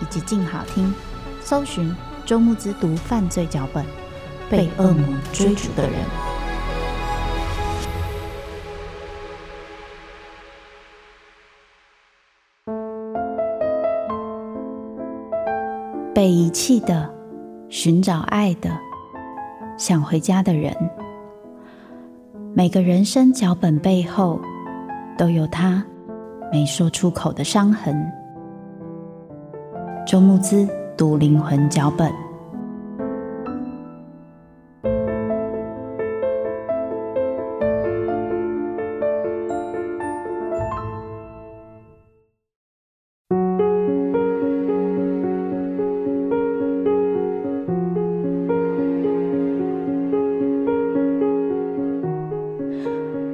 以及靜好聽，搜尋周末之毒犯罪腳本，《被惡魔追逐的人》，被遺棄的，尋找愛的，想回家的人。每個人生腳本背後，都有他沒說出口的傷痕。周慕姿讀靈魂腳本。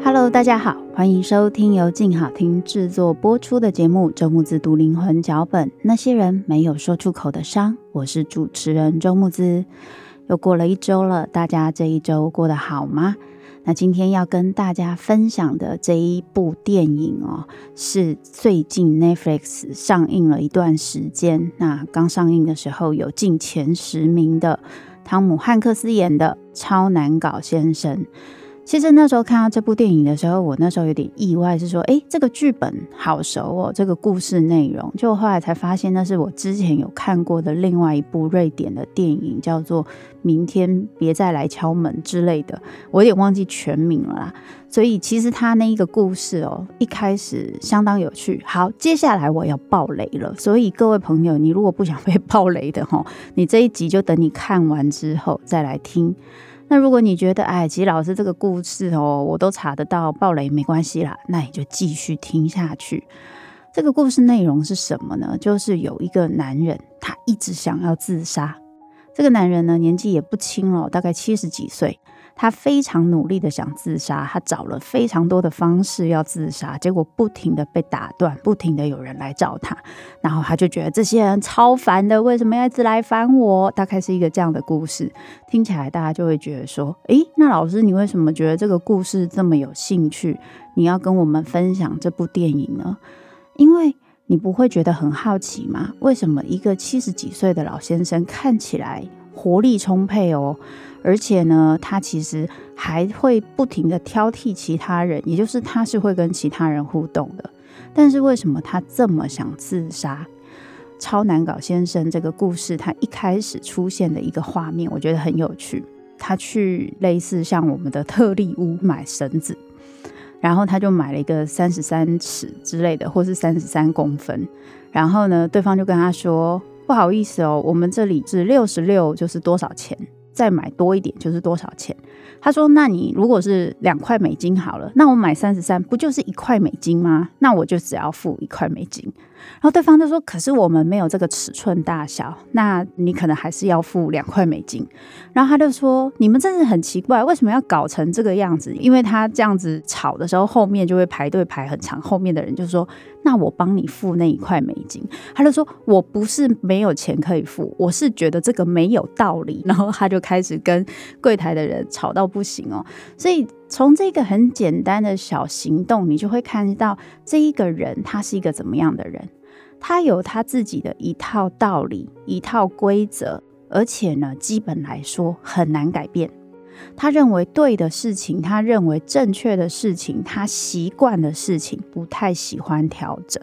Hello，大家好。.歡迎收聽由靜好聽制作播出的節目《周木子讀靈魂腳本》。那些人沒有說出口的傷，我是主持人周木子。又過了一周了，大家這一周過得好嗎？那今天要跟大家分享的這一部電影哦，是最近 Netflix 上映了一段時間。那剛上映的時候有進前十名的，湯姆漢克斯演的《超難搞先生》。其實那時候看到這部電影的時候，我那時候有點意外，是說，誒，這個劇本好熟哦，這個故事內容，就後來才發現那是我之前有看過的另外一部瑞典的電影，叫做《明天別再來敲門》之類的，我有點忘記全名了啦。所以其實他那一個故事哦，一開始相當有趣。好，接下來我要爆雷了，所以各位朋友，你如果不想被爆雷的哈，你這一集就等你看完之後再來聽。那如果你覺得，哎，吉老師這個故事哦，我都查得到爆雷，沒關係啦。那你就繼續聽下去。這個故事內容是什麼呢？就是有一個男人，他一直想要自殺。這個男人呢，年紀也不輕了，大概七十幾歲。他非常努力的想自殺，他找了非常多的方式要自殺，結果不停的被打斷，不停的有人來找他，然後他就覺得這些人超煩的，為什麼要一直來煩我？大概是一個這樣的故事，聽起來大家就會覺得說，誒，那老師你為什麼覺得這個故事這麼有興趣？你要跟我們分享這部電影呢？因為你不會覺得很好奇嗎？為什麼一個七十幾歲的老先生看起來……活力充沛哦，而且呢，他其實還會不停的挑剔其他人，也就是他是會跟其他人互動的。但是為什麼他這麼想自殺？超難搞先生這個故事，他一開始出現的一個畫面，我覺得很有趣。他去類似像我們的特力屋買繩子，然後他就買了一個三十三尺之類的，或是三十三公分，然後呢，對方就跟他說。不好意思哦，我們這裡是六十六就是多少錢，再買多一點就是多少錢？他說：“那你如果是兩塊美金好了，那我買三十三，不就是一塊美金嗎？那我就只要付一塊美金。”然後對方就說：“可是我們沒有這個尺寸大小，那你可能還是要付兩塊美金。”然後他就說：“你們真是很奇怪，為什麼要搞成這個樣子？”因為他這樣子吵的時候，後面就會排隊排很長。後面的人就說：“那我幫你付那一塊美金。”他就說：“我不是沒有錢可以付，我是覺得這個沒有道理。”然後他就開始跟櫃檯的人吵到不行哦，所以。從這個很簡單的小行動，你就會看到這一個人他是一個怎麼樣的人，他有他自己的一套道理、一套規則，而且呢，基本來說很難改變。他認為對的事情，他認為正確的事情，他習慣的事情，不太喜歡調整。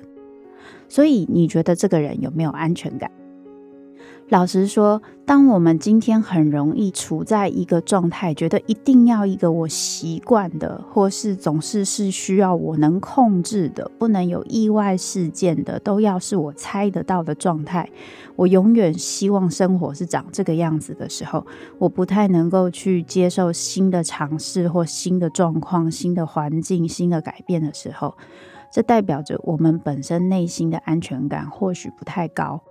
所以你覺得這個人有沒有安全感？老實說，當我們今天很容易處在一個狀態，覺得一定要一個我習慣的，或是總是是需要我能控制的，不能有意外事件的，都要是我猜得到的狀態，我永遠希望生活是長這個樣子的時候，我不太能夠去接受新的嘗試或新的狀況、新的環境、新的改變的時候，這代表着我們本身內心的安全感或許不太高。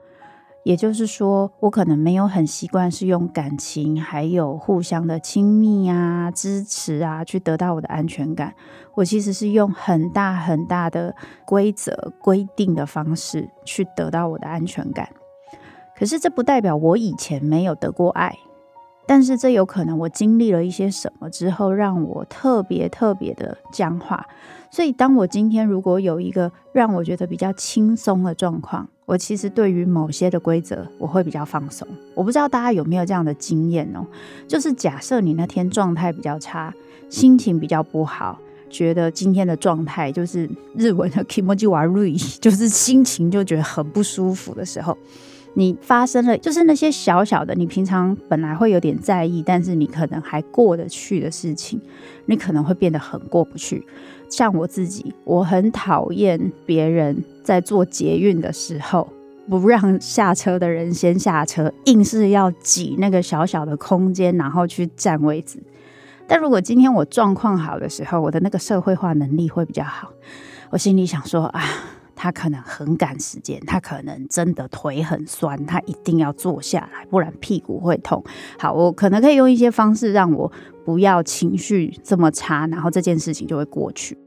也就是說，我可能沒有很習慣是用感情，還有互相的親密啊、支持啊，去得到我的安全感。我其實是用很大很大的規則、規定的方式去得到我的安全感。可是這不代表我以前沒有得過愛，但是這有可能我經歷了一些什麼之後，讓我特別特別的僵化。所以當我今天如果有一個讓我覺得比較輕鬆的狀況，我其實對於某些的規則，我會比較放鬆。我不知道大家有沒有這樣的經驗哦，就是假設你那天狀態比較差，心情比較不好，覺得今天的狀態就是日文的 kimochi warui 就是心情就覺得很不舒服的時候。你發生了，就是那些小小的，你平常本來會有點在意，但是你可能還過得去的事情，你可能會變得很過不去。像我自己，我很討厭別人在坐捷運的時候不讓下車的人先下車，硬是要擠那個小小的空間，然後去佔位置。但如果今天我狀況好的時候，我的那個社會化能力會比較好，我心裡想說啊。他可能很趕時間，他可能真的腿很痠，他一定要坐下來，不然屁股會痛。好，我可能可以用一些方式讓我不要情緒這麼差，然後這件事情就會過去。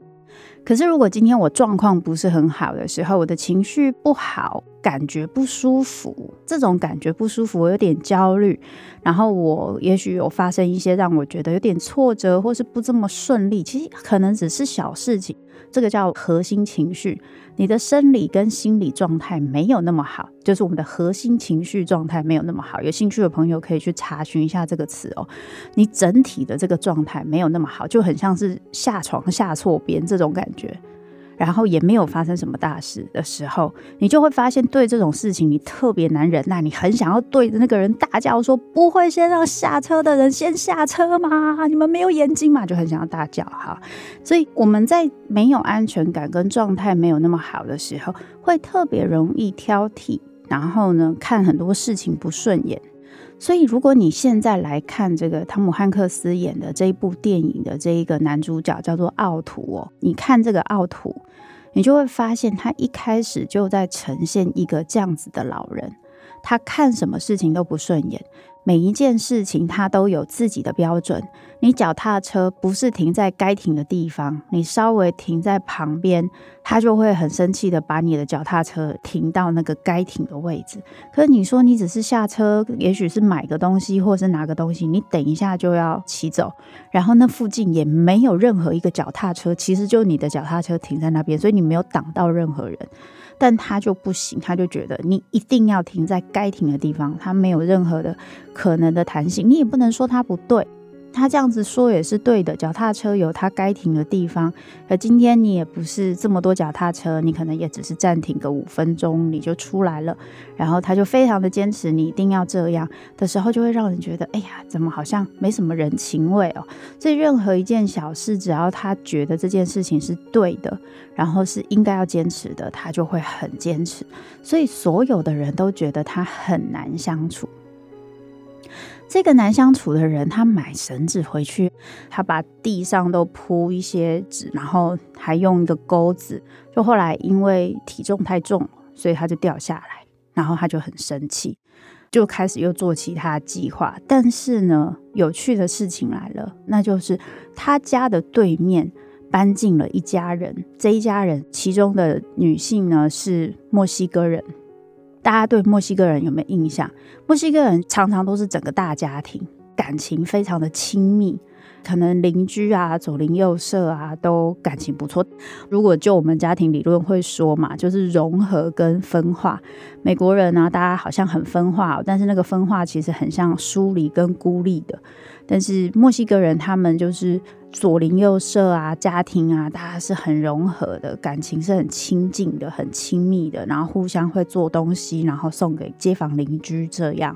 可是如果今天我狀況不是很好的時候，我的情緒不好，感覺不舒服，這種感覺不舒服，我有點焦慮，然後我也許有發生一些讓我覺得有點挫折，或是不這麼順利，其實可能只是小事情。這個叫核心情緒，你的生理跟心理狀態沒有那麼好，就是我們的核心情緒狀態沒有那麼好。有興趣的朋友可以去查詢一下這個詞哦。你整體的這個狀態沒有那麼好，就很像是下床下錯邊這種感覺。然後也沒有發生什麼大事的時候，你就會發現對這種事情你特別難忍耐，你很想要對着那個人大叫說：“不會先讓下車的人先下車嗎？你們沒有眼睛嗎？”就很想要大叫哈。所以我們在沒有安全感跟狀態沒有那麼好的時候，會特別容易挑剔，然後呢看很多事情不順眼。所以如果你現在來看這個湯姆漢克斯演的這一部電影的這一個男主角叫做奧圖哦，你看這個奧圖。你就會發現，他一開始就在呈現一個這樣子的老人，他看什麼事情都不順眼，每一件事情他都有自己的標準。你腳踏車不是停在該停的地方，你稍微停在旁邊，他就會很生氣的把你的腳踏車停到那個該停的位置。可是你說你只是下車，也許是買個東西，或是拿個東西，你等一下就要騎走，然後那附近也沒有任何一個腳踏車，其實就你的腳踏車停在那邊，所以你沒有擋到任何人。但他就不行，他就覺得你一定要停在該停的地方，他沒有任何的可能的彈性，你也不能說他不對。他這樣子說也是對的，腳踏車有它該停的地方。而今天你也不是這麼多腳踏車，你可能也只是暫停個五分鐘，你就出來了。然後他就非常的堅持，你一定要這樣的時候，就會讓人覺得，哎呀，怎麼好像沒什麼人情味哦、喔？所以任何一件小事，只要他覺得這件事情是對的，然後是應該要堅持的，他就會很堅持。所以所有的人都覺得他很難相處。這個難相處的人，他買繩子回去，他把地上都鋪一些紙，然後還用一個鈎子。就後來因為體重太重，所以他就掉下來，然後他就很生氣，就開始又做其他計劃。但是呢，有趣的事情來了，那就是他家的對面搬進了一家人，這一家人其中的女性呢，是墨西哥人。大家對墨西哥人有沒有印象？墨西哥人常常都是整個大家庭，感情非常的親密，可能鄰居啊、左鄰右舍啊都感情不錯。如果就我們家庭理論會說嘛，就是融合跟分化。美國人呢啊，大家好像很分化，但是那個分化其實很像疏離跟孤立的。但是墨西哥人他們就是左鄰右舍啊，家庭啊，大家是很融合的，感情是很親近的，很親密的，然後互相會做東西，然後送給街坊鄰居這樣。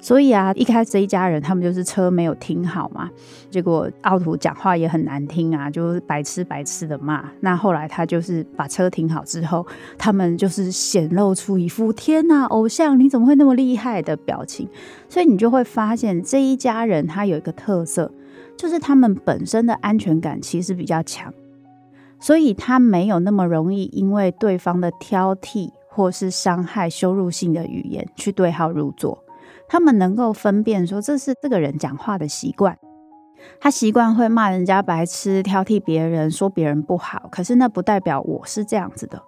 所以啊，一開始這一家人他們就是車沒有停好嘛，結果奧圖講話也很難聽啊，就是白痴白痴的罵。那後來他就是把車停好之後，他們就是顯露出一副“天吶，偶像你怎麼會那麼厲害”的表情。所以你就會發現這一家人他有一個特色，就是他們本身的安全感其實比較強，所以他沒有那麼容易因為對方的挑剔或是傷害、羞辱性的語言去對號入座。他們能夠分辨說，這是這個人講話的習慣，他習慣會罵人家白痴，挑剔別人，說別人不好。可是那不代表我是這樣子的，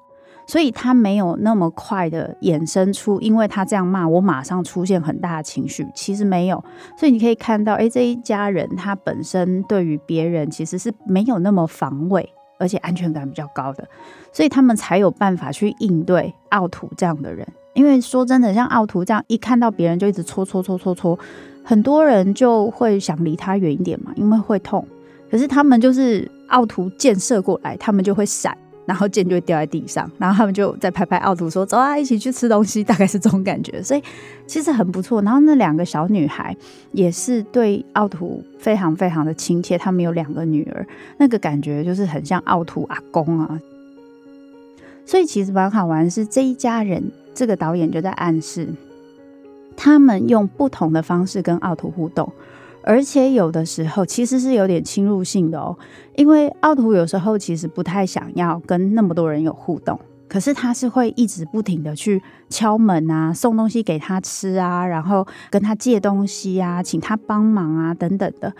所以他沒有那麼快的衍生出，因為他這樣罵我，馬上出現很大的情緒。其實沒有，所以你可以看到，哎，這一家人他本身對於別人其實是沒有那麼防衛。而且安全感比較高的，所以他們才有辦法去應對奧圖這樣的人。因為說真的，像奧圖這樣，一看到別人就一直戳戳戳戳戳戳，很多人就會想離他遠一點嘛，因為會痛。可是他們就是奧圖箭射過來，他們就會閃。然後劍就會掉在地上，然後他們就在拍拍奧圖說：“走啊，一起去吃東西。”大概是這種感覺，所以其實很不錯。然後那兩個小女孩也是對奧圖非常非常的親切。他們有兩個女兒，那個感覺就是很像奧圖阿公啊。所以其實蠻好玩，是這一家人這個導演就在暗示他們用不同的方式跟奧圖互動。而且有的時候其實是有點侵入性的哦，因為奧圖有時候其實不太想要跟那麼多人有互動，可是他是會一直不停地去敲門啊，送東西給他吃啊，然後跟他借東西啊，請他幫忙啊等等的。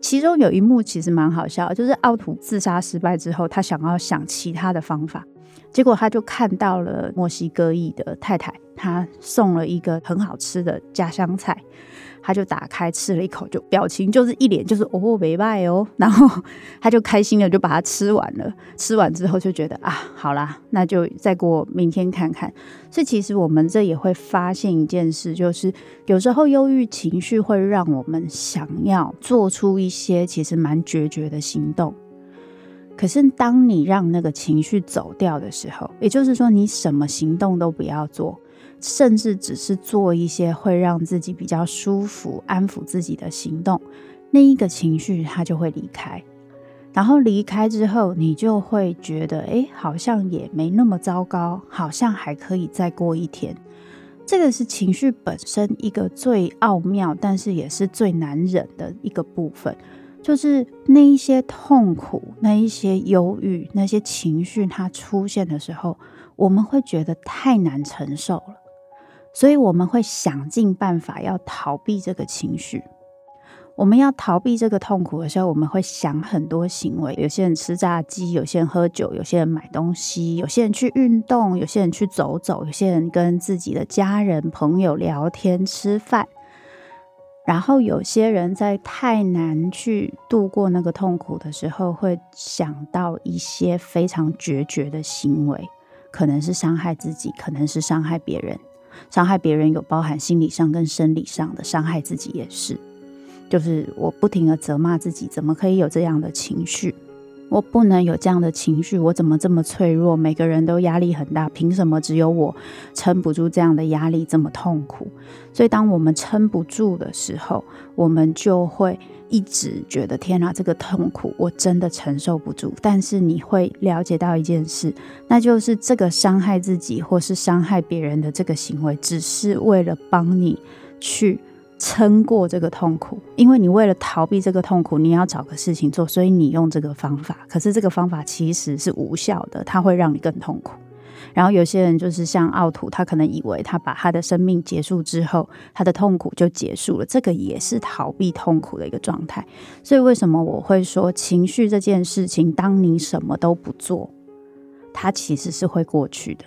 其中有一幕其實蠻好笑，就是奧圖自殺失敗之後，他想要想其他的方法，結果他就看到了墨西哥裔的太太，她送了一個很好吃的家鄉菜。他就打開吃了一口，就表情就是一臉就是哦，沒拜哦，然後他就開心地，就把它吃完了。吃完之後就覺得啊，好啦，那就再過明天看看。所以其實我們這也會發現一件事，就是有時候憂鬱情緒會讓我們想要做出一些其實蠻決絕的行動。可是當你讓那個情緒走掉的時候，也就是說你什麼行動都不要做。甚至只是做一些會讓自己比較舒服，安撫自己的行動，那一個情緒它就會離開。然後離開之後，你就會覺得，哎、欸，好像也沒那麼糟糕，好像還可以再過一天。這個是情緒本身一個最奧妙，但是也是最難忍的一個部分，就是那一些痛苦，那一些憂鬱，那些情緒它出現的時候，我們會覺得太難承受了。所以我們會想盡辦法要逃避這個情緒，我們要逃避這個痛苦的時候，我們會想很多行為，有些人吃炸雞，有些人喝酒，有些人買東西，有些人去運動，有些人去走走，有些人跟自己的家人、朋友聊天、吃飯。然後有些人在太難去度過那個痛苦的時候，會想到一些非常決絕的行為，可能是傷害自己，可能是傷害別人。傷害別人有包含心理上跟生理上的傷害，自己也是。就是我不停地責罵自己，怎麼可以有這樣的情緒？我不能有這樣的情緒，我怎麼這麼脆弱？每個人都壓力很大，憑什麼只有我撐不住這樣的壓力，這麼痛苦？所以，當我們撐不住的時候，我們就會一直覺得天哪，這個痛苦我真的承受不住。但是，你會了解到一件事，那就是這個傷害自己或是傷害別人的這個行為，只是為了幫你去撐過這個痛苦，因為你為了逃避這個痛苦，你要找個事情做，所以你用這個方法。可是這個方法其實是無效的，它會讓你更痛苦。然後有些人就是像奧圖，他可能以為他把他的生命結束之後，他的痛苦就結束了，這個也是逃避痛苦的一個狀態。所以為什麼我會說情緒這件事情，當你什麼都不做，它其實是會過去的。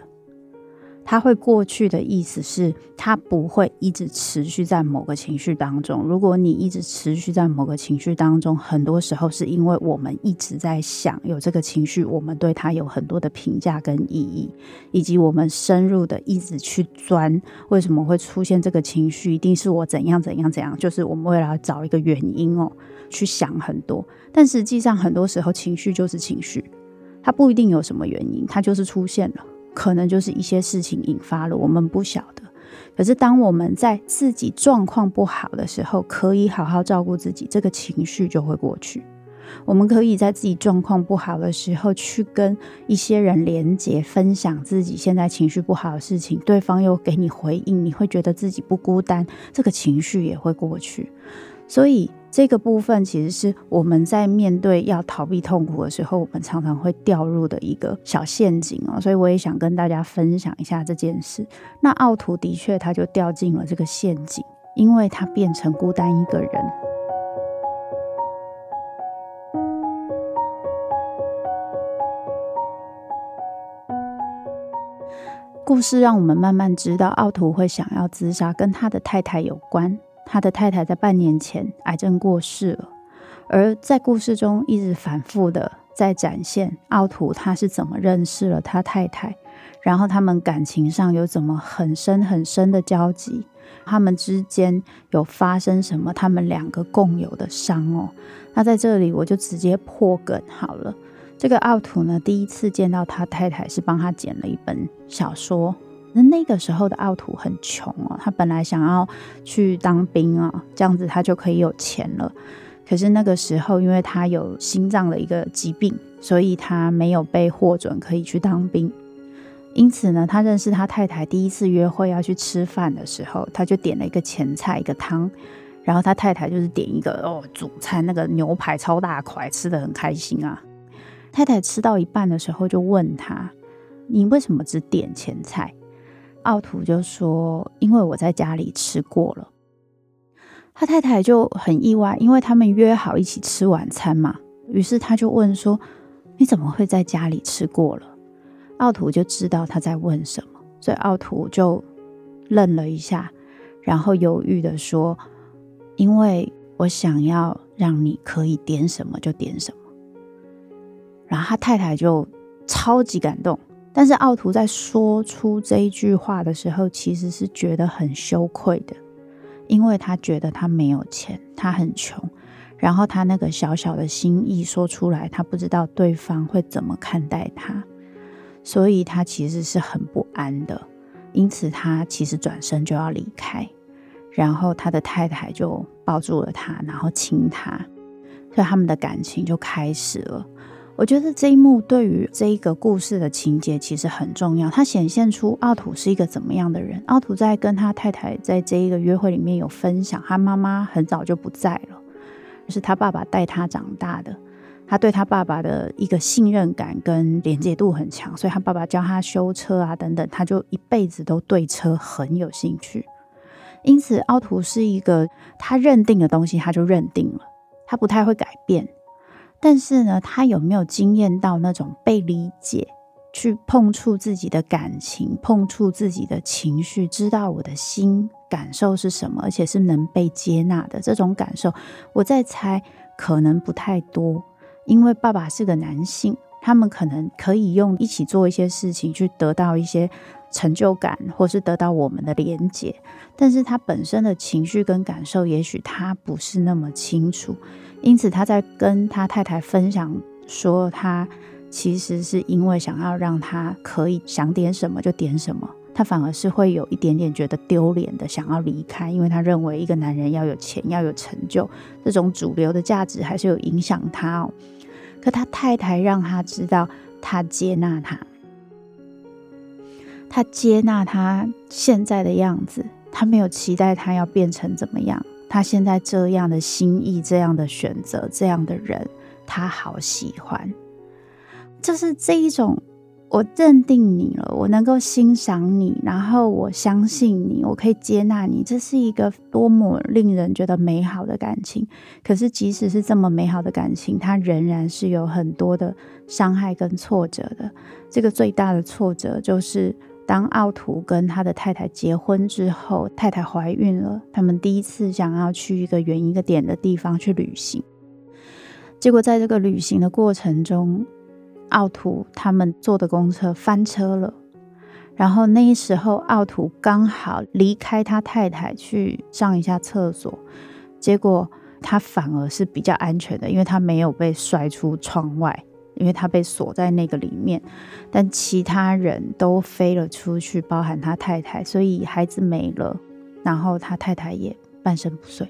它會過去的意思是，它不會一直持續在某個情緒當中。如果你一直持續在某個情緒當中，很多時候是因為我們一直在想有這個情緒，我們對它有很多的評價跟意義，以及我們深入的一直去鑽為什麼會出現這個情緒，一定是我怎樣怎樣怎樣，就是我們為了要找一個原因哦，去想很多。但實際上，很多時候情緒就是情緒，它不一定有什麼原因，它就是出現了。可能就是一些事情引發了，我們不曉得，可是當我們在自己狀況不好的時候，可以好好照顧自己，這個情緒就會過去。我們可以在自己狀況不好的時候，去跟一些人連接，分享自己現在情緒不好的事情，對方又給你回應，你會覺得自己不孤單，這個情緒也會過去。所以。這個部分其實是我們在面對要逃避痛苦的時候，我們常常會掉入的一個小陷阱哦。所以我也想跟大家分享一下這件事。那奧圖的確他就掉進了這個陷阱，因為他變成孤單一個人。故事讓我們慢慢知道，奧圖會想要自殺跟他的太太有關。他的太太在半年前癌症過世了，而在故事中一直反覆的在展現奧圖他是怎麼認識了他太太，然後他們感情上有怎麼很深很深的交集，他們之間有發生什麼，他們兩個共有的傷哦。那在這裡我就直接破梗好了，這個奧圖呢第一次見到他太太是幫他撿了一本小說。那那個時候的奧土很窮哦，他本來想要去當兵啊，這樣子他就可以有錢了。可是那個時候，因為他有心臟的一個疾病，所以他沒有被獲准可以去當兵。因此呢，他認識他太太第一次約會要去吃飯的時候，他就點了一個前菜一個湯，然後他太太就是點一個哦主餐，那個牛排超大塊，吃的很開心啊。太太吃到一半的時候就問他：“你為什麼只點前菜？”奧圖就說：“因為我在家裡吃過了。”他太太就很意外，因為他們約好一起吃晚餐嘛。於是他就問說：“你怎麼會在家裡吃過了？”奧圖就知道他在問什麼，所以奧圖就愣了一下，然後猶豫的說：“因為我想要讓你可以點什麼就點什麼。”然後他太太就超級感動。但是奧圖在說出這一句話的時候，其實是覺得很羞愧的，因為他覺得他沒有錢，他很窮，然後他那個小小的心意說出來，他不知道對方會怎麼看待他，所以他其實是很不安的，因此他其實轉身就要離開，然後他的太太就抱住了他，然後親他，所以他們的感情就開始了。我覺得這一幕對於這一個故事的情節其實很重要，它顯現出奧圖是一個怎麼樣的人。奧圖在跟他太太在這一個約會裡面有分享，他媽媽很早就不在了，就是他爸爸帶他長大的，他對他爸爸的一個信任感跟連接度很強，所以他爸爸教他修車啊等等，他就一輩子都對車很有興趣。因此，奧圖是一個他認定的東西，他就認定了，他不太會改變。但是呢，他有沒有經驗到那種被理解，去碰觸自己的感情，碰觸自己的情緒，知道我的心感受是什麼，而且是能被接納的這種感受？我在猜，可能不太多，因為爸爸是個男性，他們可能可以用一起做一些事情去得到一些成就感，或是得到我們的連接。但是他本身的情緒跟感受，也許他不是那麼清楚。因此，他在跟他太太分享說，他其實是因為想要讓他可以想點什麼就點什麼，他反而是會有一點點覺得丟臉的，想要離開，因為他認為一個男人要有錢、要有成就，這種主流的價值還是有影響他哦。可他太太讓他知道，他接納他，他接納他現在的樣子，他沒有期待他要變成怎麼樣。他現在這樣的心意、這樣的選擇、這樣的人，他好喜歡。就是這一種，我認定你了，我能夠欣賞你，然後我相信你，我可以接納你，這是一個多麼令人覺得美好的感情。可是，即使是這麼美好的感情，它仍然是有很多的傷害跟挫折的。這個最大的挫折就是。當奧圖跟他的太太結婚之後，太太懷孕了，他們第一次想要去一個遠一個點的地方去旅行。結果在這個旅行的過程中，奧圖他們坐的公車翻車了。然後那時候奧圖剛好離開他太太去上一下廁所，結果他反而是比較安全的，因為他沒有被甩出窗外。因為他被鎖在那個裡面，但其他人都飛了出去，包含他太太，所以孩子沒了，然後他太太也半身不遂。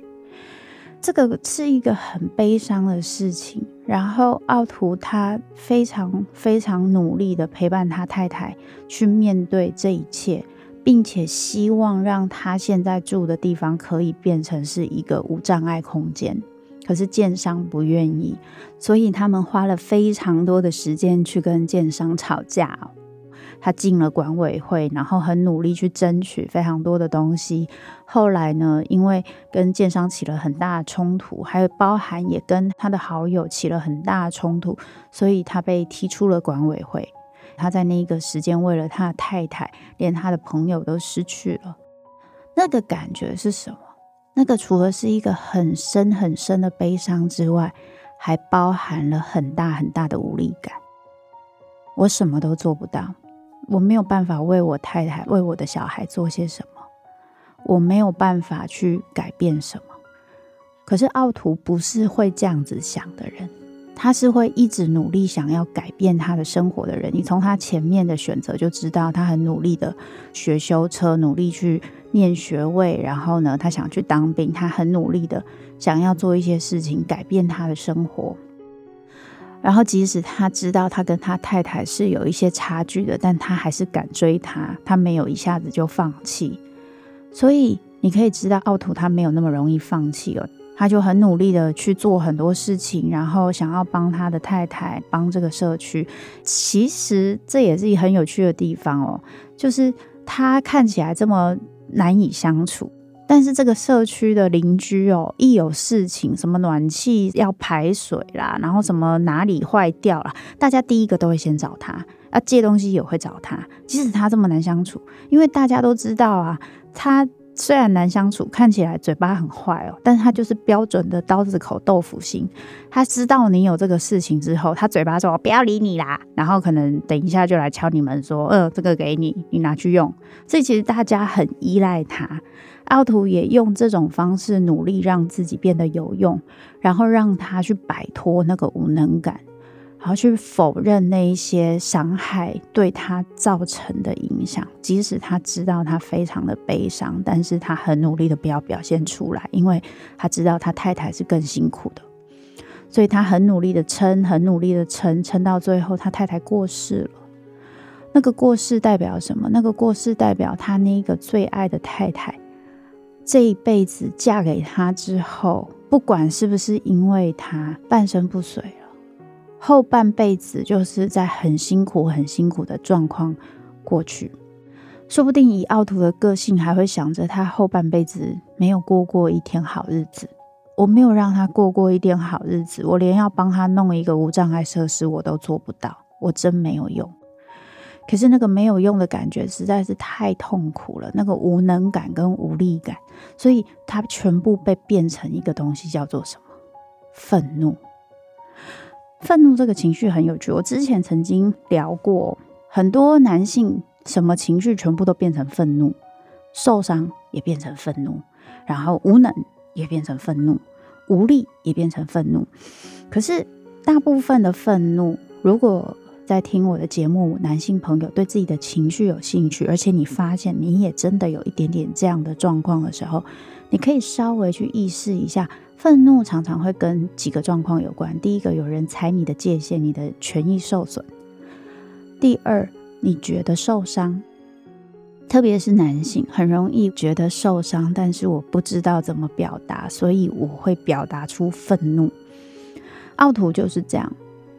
這個是一個很悲傷的事情。然後奧圖他非常非常努力地陪伴他太太去面對這一切，並且希望讓他現在住的地方可以變成是一個無障礙空間。可是建商不願意，所以他們花了非常多的時間去跟建商吵架。他進了管委會，然後很努力去爭取非常多的東西。後來呢，因為跟建商起了很大的衝突，還有包含也跟他的好友起了很大的衝突，所以他被踢出了管委會。他在那個時間為了他的太太，連他的朋友都失去了。那個感覺是什麼？那個除了是一個很深很深的悲傷之外，還包含了很大很大的無力感。我什麼都做不到，我沒有辦法為我太太、為我的小孩做些什麼，我沒有辦法去改變什麼。可是奧圖不是會這樣子想的人。他是會一直努力想要改變他的生活的人。你從他前面的選擇就知道，他很努力的學修車，努力去念學位，然後呢，他想去當兵，他很努力的想要做一些事情改變他的生活。然後，即使他知道他跟他太太是有一些差距的，但他還是敢追他，他沒有一下子就放棄。所以，你可以知道奧圖他沒有那麼容易放棄了。他就很努力的去做很多事情，然後想要幫他的太太，幫這個社區。其實這也是一個很有趣的地方哦，就是他看起來這麼難以相處，但是這個社區的鄰居哦，一有事情，什麼暖氣要排水啦，然後什麼哪裡壞掉啦，大家第一個都會先找他，要、啊、借東西也會找他，即使他這麼難相處，因為大家都知道啊，他。雖然難相處，看起來嘴巴很壞哦、喔，但他就是標準的刀子口豆腐心。他知道你有這個事情之後，他嘴巴說我不要理你啦，然後可能等一下就來敲你門，說，呃，這個給你，你拿去用。所以其實大家很依賴他，奧圖也用這種方式努力讓自己變得有用，然後讓他去擺脫那個無能感。然後去否認那一些傷害對他造成的影響，即使他知道他非常的悲傷，但是他很努力的不要表現出來，因為他知道他太太是更辛苦的，所以他很努力的撐，很努力的撐，撐到最後，他太太過世了。那個過世代表什麼？那個過世代表他那個最愛的太太，這一輩子嫁給他之後，不管是不是因為他半身不遂。後半輩子就是在很辛苦、很辛苦的狀況過去，說不定以奧圖的個性，還會想着他後半輩子沒有過過一天好日子。我沒有讓他過過一天好日子，我連要幫他弄一個無障礙設施我都做不到，我真沒有用。可是那個沒有用的感覺實在是太痛苦了，那個無能感跟無力感，所以他全部被變成一個東西，叫做什麼？憤怒。憤怒這個情緒很有趣，我之前曾經聊過，很多男性什麼情緒全部都變成憤怒，受傷也變成憤怒，然後無能也變成憤怒，無力也變成憤怒。可是大部分的憤怒，如果在聽我的節目，男性朋友對自己的情緒有興趣，而且你發現你也真的有一點點這樣的狀況的時候，你可以稍微去意識一下。憤怒常常會跟幾個狀況有關。第一個，有人踩你的界限，你的權益受損；第二，你覺得受傷，特別是男性很容易覺得受傷，但是我不知道怎麼表達，所以我會表達出憤怒。奧圖就是這樣，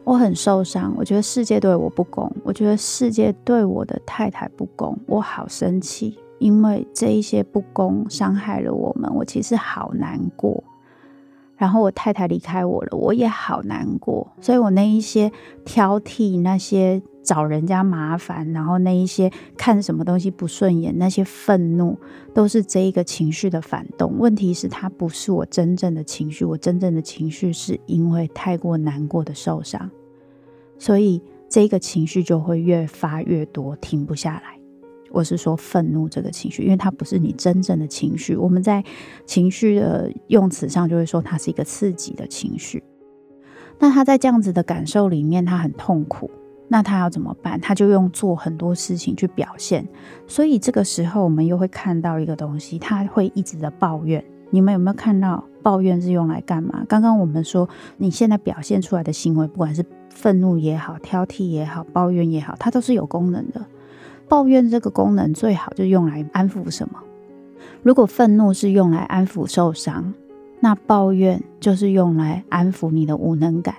我很受傷，我覺得世界對我不公，我覺得世界對我的太太不公，我好生氣，因為這一些不公傷害了我們，我其實好難過。然後我太太離開我了，我也好難過，所以我那一些挑剔，那些找人家麻煩，然後那一些看什麼東西不順眼，那些憤怒，都是這一個情緒的反動。問題是，它不是我真正的情緒，我真正的情緒是因為太過難過的受傷，所以這個情緒就會越發越多，停不下來。或是說憤怒這個情緒，因為它不是你真正的情緒。我們在情緒的用詞上就會說它是一個刺激的情緒。那他在這樣子的感受裡面，他很痛苦。那他要怎麼辦？他就用做很多事情去表現。所以這個時候，我們又會看到一個東西，他會一直的抱怨。你們有沒有看到抱怨是用來幹嘛？剛剛我們說，你現在表現出來的行為，不管是憤怒也好、挑剔也好、抱怨也好，它都是有功能的。抱怨這個功能最好就用來安撫什麼？如果憤怒是用來安撫受傷，那抱怨就是用來安撫你的無能感。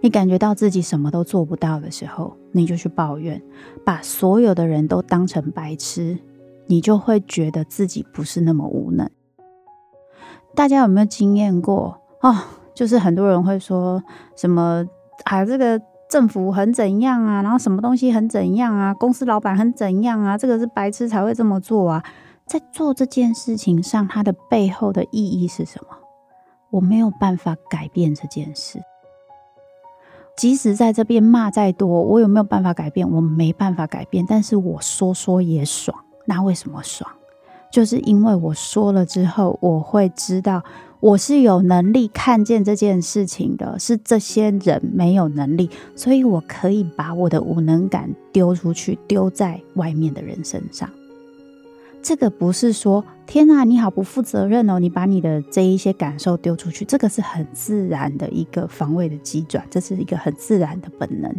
你感覺到自己什麼都做不到的時候，你就去抱怨，把所有的人都當成白痴，你就會覺得自己不是那麼無能。大家有沒有經驗過啊？哦，就是很多人會說什麼啊這個。政府很怎樣啊？然後什麼東西很怎樣啊？公司老闆很怎樣啊？這個是白痴才會這麼做啊。在做這件事情上，它的背後的意義是什麼？我沒有辦法改變這件事。即使在這邊罵再多，我有沒有辦法改變？我沒辦法改變，但是我說說也爽。那為什麼爽？就是因為我說了之後，我會知道。我是有能力看見這件事情的，是這些人沒有能力，所以我可以把我的無能感丟出去，丟在外面的人身上。這個不是說，天哪，你好不負責任哦，你把你的這一些感受丟出去，這個是很自然的一個防衛的機轉，這是一個很自然的本能。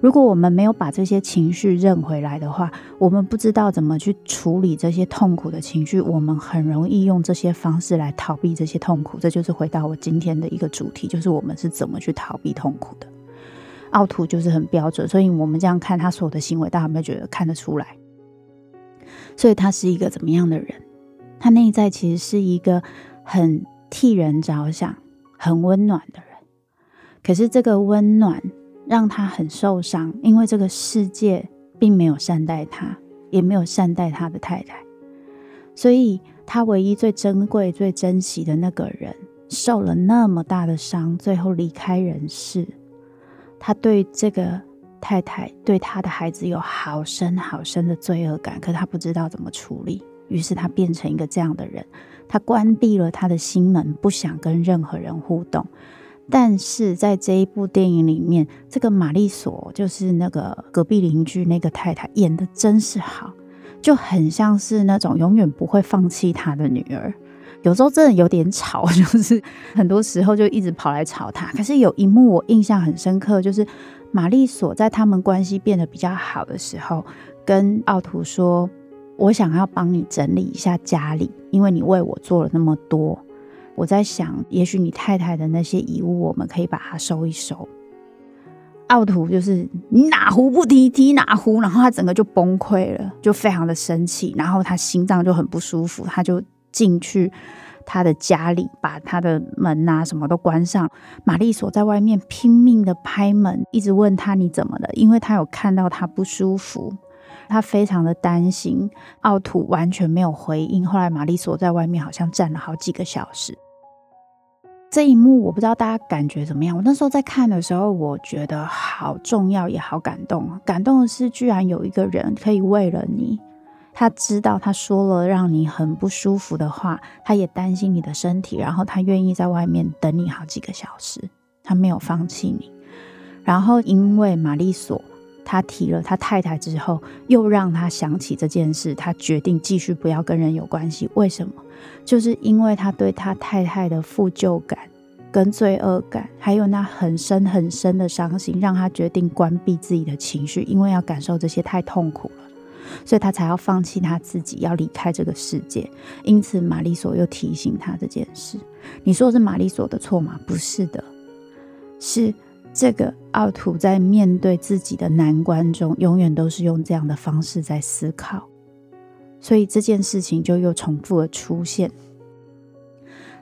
如果我們沒有把這些情緒認回來的話，我們不知道怎麼去處理這些痛苦的情緒，我們很容易用這些方式來逃避這些痛苦。這就是回到我今天的一個主題，就是我們是怎麼去逃避痛苦的。奧圖就是很標準，所以我們這樣看他所有的行為，大家有沒有覺得看得出來？所以他是一個怎麼樣的人？他內在其實是一個很替人着想、很溫暖的人，可是這個溫暖，讓他很受傷，因為這個世界並沒有善待他，也沒有善待他的太太，所以他唯一最珍貴、最珍惜的那個人受了那麼大的傷，最後離開人世。他對這個太太、對他的孩子有好深好深的罪惡感，可是他不知道怎麼處理，於是他變成一個這樣的人。他關閉了他的心門，不想跟任何人互動。但是在這一部電影裡面，這個瑪麗索就是那個隔壁鄰居那個太太，演的真是好，就很像是那種永遠不會放棄她的女兒。有時候真的有點吵，就是很多時候就一直跑來吵她。可是有一幕我印象很深刻，就是瑪麗索在他們關係變得比較好的時候，跟奧圖說：“我想要幫你整理一下家裡，因為你為我做了那麼多。”我在想，也許你太太的那些遺物，我們可以把它收一收。奧圖就是你哪壺不提提哪壺，然後他整個就崩潰了，就非常的生氣，然後他心臟就很不舒服，他就進去他的家裡，把他的門吶、啊、什麼都關上。瑪麗索在外面拼命的拍門，一直問他你怎麼了，因為他有看到他不舒服，他非常的擔心。奧圖完全沒有回應。後來瑪麗索在外面好像站了好幾個小時。這一幕我不知道大家感覺怎麼樣？我那時候在看的時候，我覺得好重要也好感動。感動的是，居然有一個人可以為了你，他知道他說了讓你很不舒服的話，他也擔心你的身體，然後他願意在外面等你好幾個小時，他沒有放棄你。然後因為瑪麗索。他提了他太太之後，又讓他想起這件事，他決定繼續不要跟人有關係。為什麼？就是因為他對他太太的負疚感跟罪惡感，還有那很深很深的傷心，讓他決定關閉自己的情緒，因為要感受這些太痛苦了，所以他才要放棄他自己，要離開這個世界。因此，瑪麗索又提醒他這件事。你說是瑪麗索的錯嗎？不是的，是。這個奧圖在面對自己的難關中，永遠都是用這樣的方式在思考，所以這件事情就又重複的出現。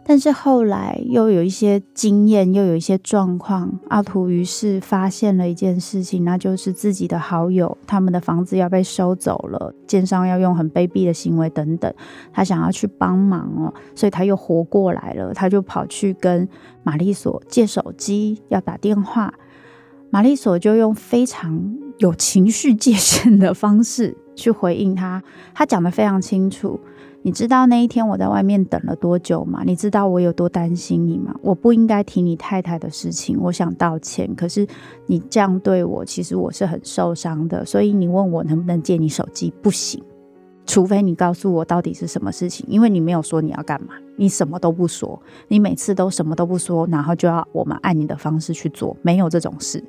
但是後來又有一些經驗，又有一些狀況，奧圖於是發現了一件事情，那就是自己的好友他們的房子要被收走了，奸商要用很卑鄙的行為等等，他想要去幫忙哦，所以他又活過來了，他就跑去跟瑪麗索借手機要打電話，瑪麗索就用非常有情緒界限的方式去回應他，他講得非常清楚。你知道那一天我在外面等了多久嗎？你知道我有多擔心你嗎？我不應該提你太太的事情，我想道歉。可是你這樣對我，其實我是很受傷的。所以你問我能不能借你手機，不行，除非你告訴我到底是什麼事情，因為你沒有說你要幹嘛，你什麼都不說，你每次都什麼都不說，然後就要我們按你的方式去做，沒有這種事。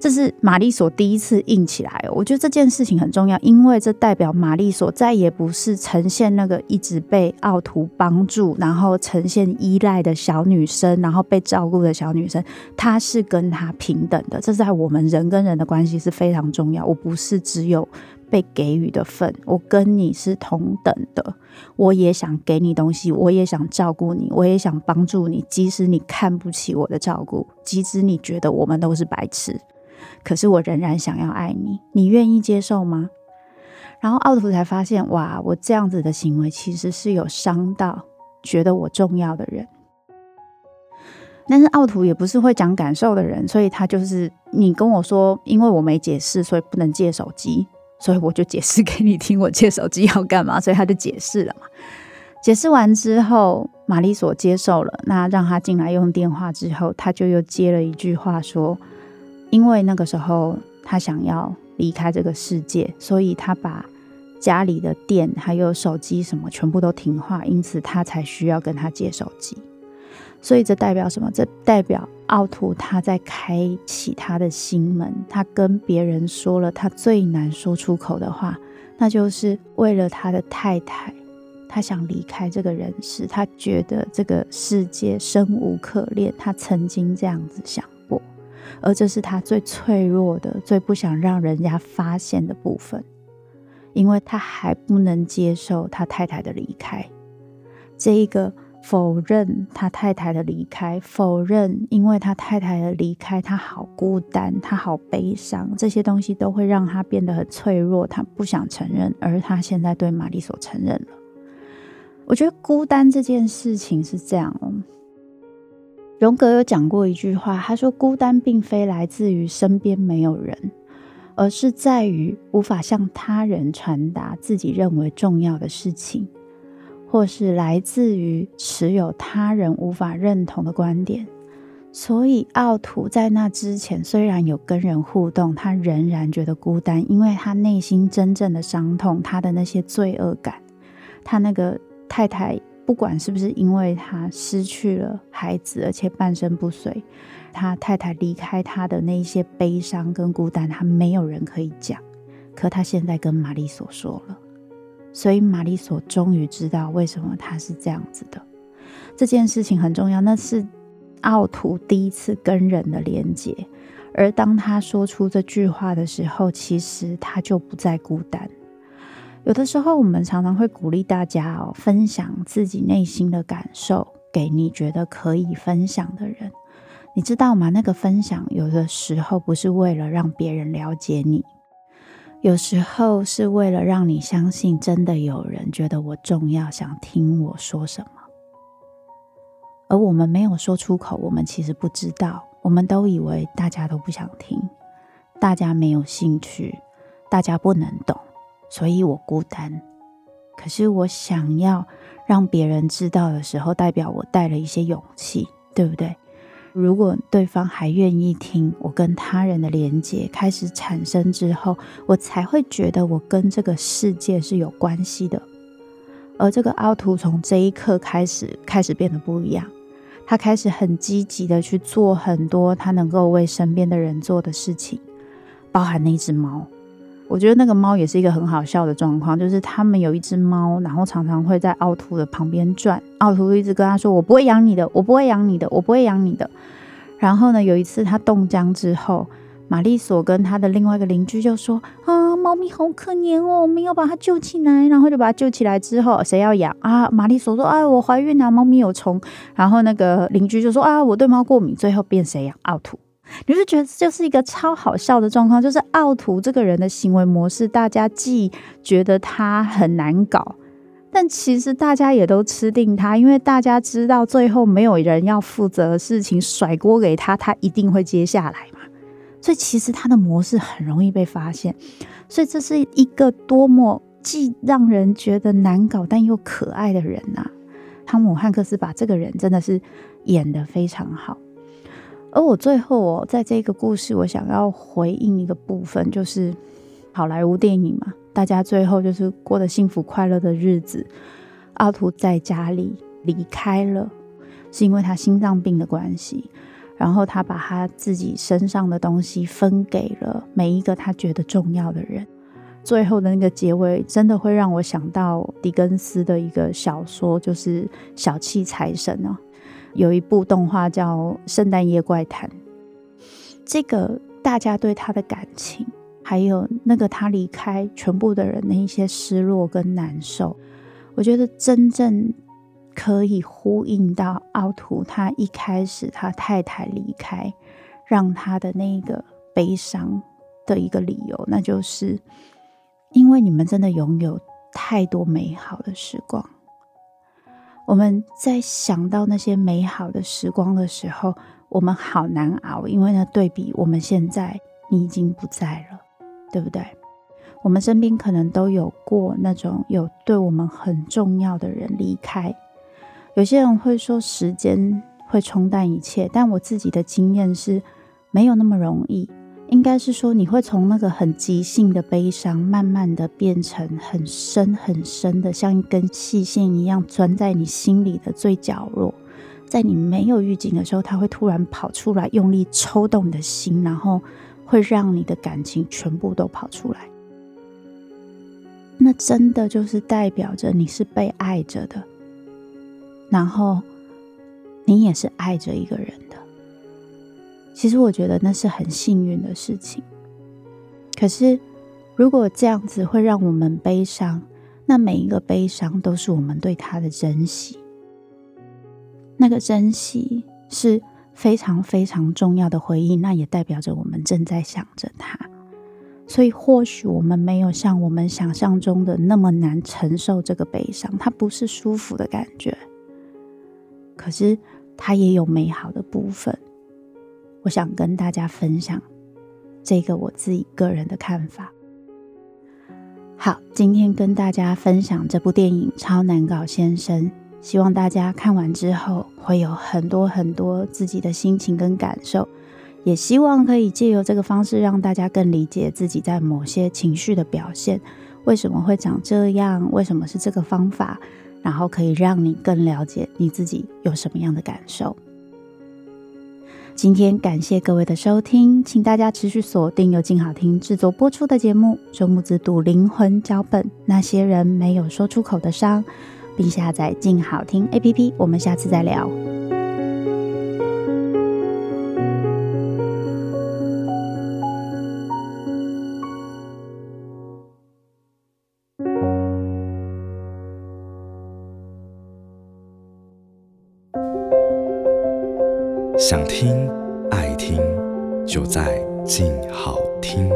這是瑪麗索第一次硬起來哦，我覺得這件事情很重要，因為這代表瑪麗索再也不是呈現那個一直被奧圖幫助，然後呈現依賴的小女生，然後被照顧的小女生，她是跟她平等的。這在我們人跟人的關係是非常重要。我不是只有被給予的份，我跟你是同等的。我也想給你東西，我也想照顧你，我也想幫助你。即使你看不起我的照顧，即使你覺得我們都是白痴。可是我仍然想要愛你，你願意接受嗎？然後奧圖才發現，哇，我這樣子的行為其實是有傷到覺得我重要的人。但是奧圖也不是會講感受的人，所以他就是，你跟我說，因為我沒解釋，所以不能借手機，所以我就解釋給你聽，我借手機要幹嘛？所以他就解釋了嘛。解釋完之後，瑪麗索接受了，那讓他進來用電話之後，他就又接了一句話說。因為那個時候他想要離開這個世界，所以他把家裡的電還有手機什麼全部都停話，因此他才需要跟他借手機。所以這代表什麼？這代表奧圖他在開啟他的心門，他跟別人說了他最難說出口的話，那就是為了他的太太，他想離開這個人世，他覺得這個世界生無可戀，他曾經這樣子想。而這是他最脆弱的、最不想讓人家發現的部分，因為他還不能接受他太太的離開。這一個否認他太太的離開，否認因為他太太的離開，他好孤單，他好悲傷，這些東西都會讓他變得很脆弱。他不想承認，而他現在對瑪麗所承認了。我覺得孤單這件事情是這樣哦。榮格有講過一句話，他說：“孤單並非來自於身邊沒有人，而是在於無法向他人傳達自己認為重要的事情，或是來自於持有他人無法認同的觀點。”所以奧圖在那之前雖然有跟人互動，他仍然覺得孤單，因為他內心真正的傷痛，他的那些罪惡感，他那個太太。不管是不是因為他失去了孩子，而且半身不遂，他太太離開他的那一些悲傷跟孤單，他沒有人可以講。可他現在跟瑪麗索說了，所以瑪麗索終於知道為什麼他是這樣子的。這件事情很重要，那是奧圖第一次跟人的連接。而當他說出這句話的時候，其實他就不再孤單。有的時候，我們常常會鼓勵大家哦，分享自己內心的感受，給你覺得可以分享的人。你知道嗎？那個分享，有的時候不是為了讓別人了解你，有時候是為了讓你相信，真的有人覺得我重要，想聽我說什麼。而我們沒有說出口，我們其實不知道，我們都以為大家都不想聽，大家沒有興趣，大家不能懂。所以我孤單，可是我想要讓別人知道的時候，代表我帶了一些勇氣，對不對？如果對方還願意聽，我跟他人的連接開始產生之後，我才會覺得我跟這個世界是有關係的。而這個奧圖從這一刻開始，開始變得不一樣，他開始很積極的去做很多他能夠為身邊的人做的事情，包含那隻貓。我覺得那個貓也是一個很好笑的狀況，就是他們有一隻貓，然後常常會在奧托的旁邊轉。奧托一直跟他說：“我不會養你的，我不會養你的，我不會養你的。”然後呢，有一次他凍僵之後，瑪麗索跟他的另外一個鄰居就說：“啊，貓咪好可憐哦，我們要把它救起來。”然後就把它救起來之後，誰要養啊？瑪麗索說：“哎、懷啊，我懷孕了，貓咪有蟲。”然後那個鄰居就說：“啊，我對貓過敏。”最後變誰養？奧托。你是覺得這就是一個超好笑的狀況，就是奧圖這個人的行為模式，大家既覺得他很難搞，但其實大家也都吃定他，因為大家知道最後沒有人要負責的事情，甩鍋給他，他一定會接下來嘛。所以其實他的模式很容易被發現。所以這是一個多麼既讓人覺得難搞但又可愛的人啊！湯姆漢克斯把這個人真的是演得非常好。而我最後哦，在這個故事，我想要回應一個部分，就是好萊塢電影嘛，大家最後就是過得幸福快樂的日子。奧圖在家裡離開了，是因為他心臟病的關係，然後他把他自己身上的東西分給了每一個他覺得重要的人。最後的那個結尾，真的會讓我想到狄更斯的一個小說，就是小、哦《小氣財神》哦。有一部動畫叫《聖誕夜怪談》，這個大家對他的感情，還有那個他離開全部的人的一些失落跟難受，我覺得真正可以呼應到奧圖他一開始他太太離開，讓他的那個悲傷的一個理由，那就是因為你們真的擁有太多美好的時光。我們在想到那些美好的時光的時候，我們好難熬，因為呢，對比我們現在，你已經不在了，對不對？我們身邊可能都有過那種有對我們很重要的人離開。有些人會說時間會沖淡一切，但我自己的經驗是沒有那麼容易。應該是說，你會從那個很即興的悲傷，慢慢的變成很深很深的，像一根細線一樣，鑽在你心裡的最角落。在你沒有預警的時候，它會突然跑出來，用力抽動你的心，然後會讓你的感情全部都跑出來。那真的就是代表着你是被愛着的，然後你也是愛着一個人。其實我覺得那是很幸運的事情。可是，如果這樣子會讓我們悲傷，那每一個悲傷都是我們對他的珍惜。那個珍惜是非常非常重要的回憶，那也代表着我們正在想着他。所以，或許我們沒有像我們想象中的那麼難承受這個悲傷。它不是舒服的感覺，可是它也有美好的部分。我想跟大家分享這個我自己個人的看法。好，今天跟大家分享這部電影《超難搞先生》，希望大家看完之後會有很多很多自己的心情跟感受，也希望可以借由這個方式讓大家更理解自己在某些情緒的表現，為什麼會長這樣，為什麼是這個方法，然後可以讓你更了解你自己有什麼樣的感受。今天感謝各位的收聽，請大家持續鎖定由靜好聽制作播出的節目《周木子讀靈魂腳本》，那些人沒有說出口的傷，並下載靜好聽 APP。我們下次再聊。想聽，愛聽，就在靜好聽。